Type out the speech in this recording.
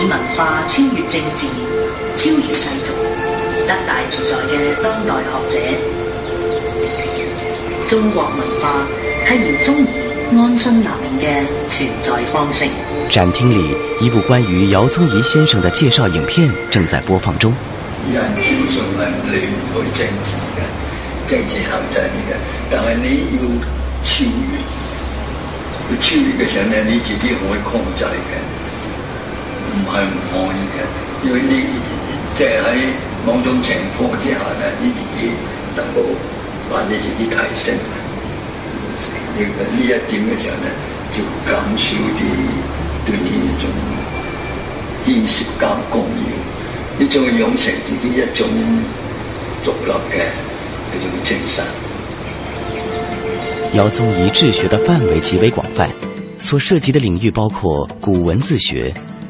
以文化超越政治，超越世俗，得大自在嘅當代學者。中國文化係姚宗儀安心立命嘅存在方式。展廳裏一部關於姚宗儀先生嘅介紹影片正在播放中。人基本上係離不開政治嘅，政治控制你嘅，但係你要超越，超越嘅時候呢，你自己可以控制嘅。唔係唔可以嘅，因為你即係喺某種情況之下咧，你自己能夠把你自己提升，呢呢一點嘅時候咧，就減少啲對呢種牽涉感共融，你就要養成自己一種獨立嘅嗰種精神。姚宗頤治學的範圍極為廣泛，所涉及的領域包括古文字學。